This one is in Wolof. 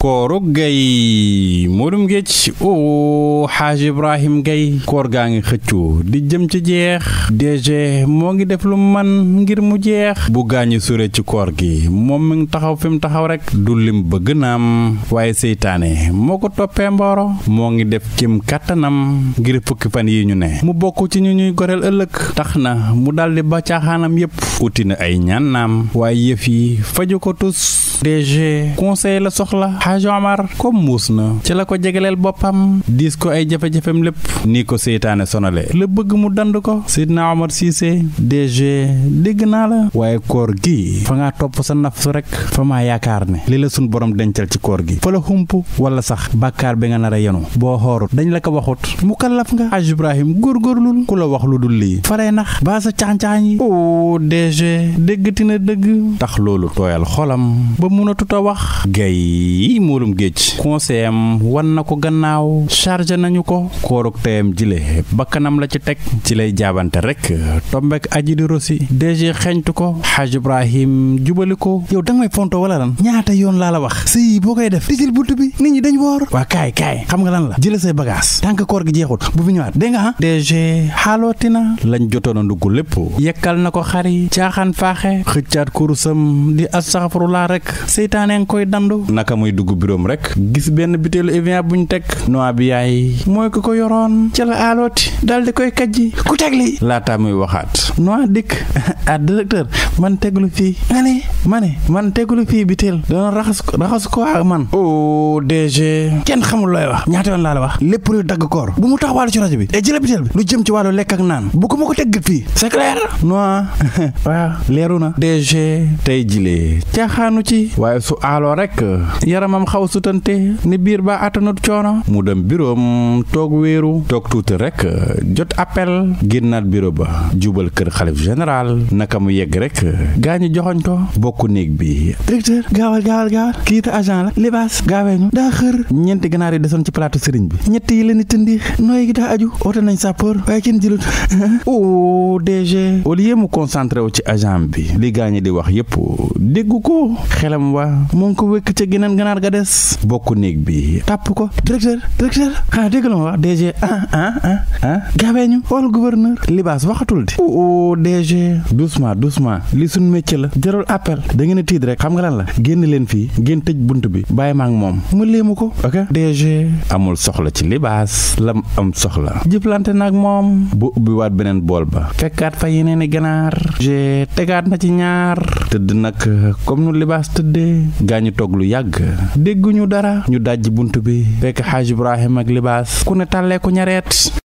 kooru gay moodum géej o xaaj ibrahim gay koor gaa ngi xëccoo di jëm ci jeex DG moo ngi def lu man ngir mu jeex bu gaañu sure ci koor gi moom mi taxaw fi taxaw rekk du lim bëgg naam waaye seytaane moo ko toppee mbooro moo ngi def cim kàttanam ngir fukki fan yi ñu ne mu bokk ci ñu ñuy goreel ëllëg tax na mu daldi ba caaxaanam yépp uti ay ñaan naam waaye yëf yi faju ko tus DG conseil la soxla Alhaji Amar ko musna ci la ko jegaleel bopam dis ko ay jafe jafém lepp ni ko sétane sonale le bëgg mu dand ko Seydina Omar Cissé DG dégg na la waye koor gi fa nga top sa nafsu rek fa ma yaakar né li la sun borom dencal ci koor gi fa la humpu wala sax bakkar bi nga nara a bo boo dañ la ko waxut mu nga Aj Ibrahim góorgóorlul ku la wax lu dul fa lay nax ba sa caañ-caañ yi o oh, DG dégg tina dëgg tax lolu toyal xolam ba tuta wax gay kii Mouroum Géej conseil am wan na ko gannaaw chargé nañu ko kooruk teyam jile bakkanam la ci teg ci lay jaabante rek tombek aji di rosi DG xeñtu ko Hadj Ibrahim jubali ko yow danga may fonto wala lan ñaata yoon laa la wax sëy boo koy def tijjil bunt bi nit ñi dañ woor waa kaay kaay xam nga lan la jële say bagage tànk koor gi jeexut bu fi ñëwaat dégg nga ah DG xaalootina lañ jotoon a ndugg lépp yekkal na ko xari caaxaan faaxe xëccaat kurusam di astaxfirullah rek seytaane koy dandu naka muy dugg dugg buróom rek gis benn bitéelu Evian bu ñu teg noa bi yaay mooy ko ko yoroon ca la aalooti dal koy kajji ku teg li laataa muy waxaat noa dikk ah directeur man teglu fii nga ne ma ne man teglu fii bitéel doon raxas ko ak man o oh, DG kenn xamul looy wax ñaata yoon laa la wax lépp luy dagg koor bu mu tax wàllu ci rajo bi te eh, jëla bitéel bi lu jëm ci wàllu lekk ak naan bu ko ma ko tegg fii c'est clair noa leeru na DG tey jilee caaxaanu ci waaye su aaloo rek yaramam yaramam xaw sutante ni biir ba attanut coono mu dem biroom toog wéeru toog tuuti rek jot appel génnaat biro ba jubal kër xalif général naka mu yegg rek gaañu joxoñ ko bokk néeg bi directeur gaawal gaawal gaawal kii te agent la libaas gaawee ñu daa xër ñeenti ganaar yi desoon ci plateau sëriñ bi ñett yi leen di tëndi nooy gi daa aju oote nañ sàppoor waaye kenn jëlut o DG au lieu mu concentré wu ci agent bi li gaañu di wax yépp déggu ko xelam wa nga des bokk néeg bi tàpp ko directeur directeur ah dégg la ma wax DG ah ah ah, ah. libaas waxatul di o oh, oh, DG doucement doucement li suñ métier la jarul appel dangeen tiit rek xam nga lan la génn leen fii ngeen tëj bunt bi bàyyi maa ak moom mu léemu ko ok DG amul soxla ci libaas la am soxla jëplante nag moom bu ubbiwaat beneen bool ba fekkaat fa yeneen i ganaar je tegaat na ci ñaar tëdd nag comme nu libaas tëddee gaañu toog lu yàgg dégguñu dara ñu dajj bunt bi fekk xaaj Ibrahim ak libaas ku ne tàllee ko ñareet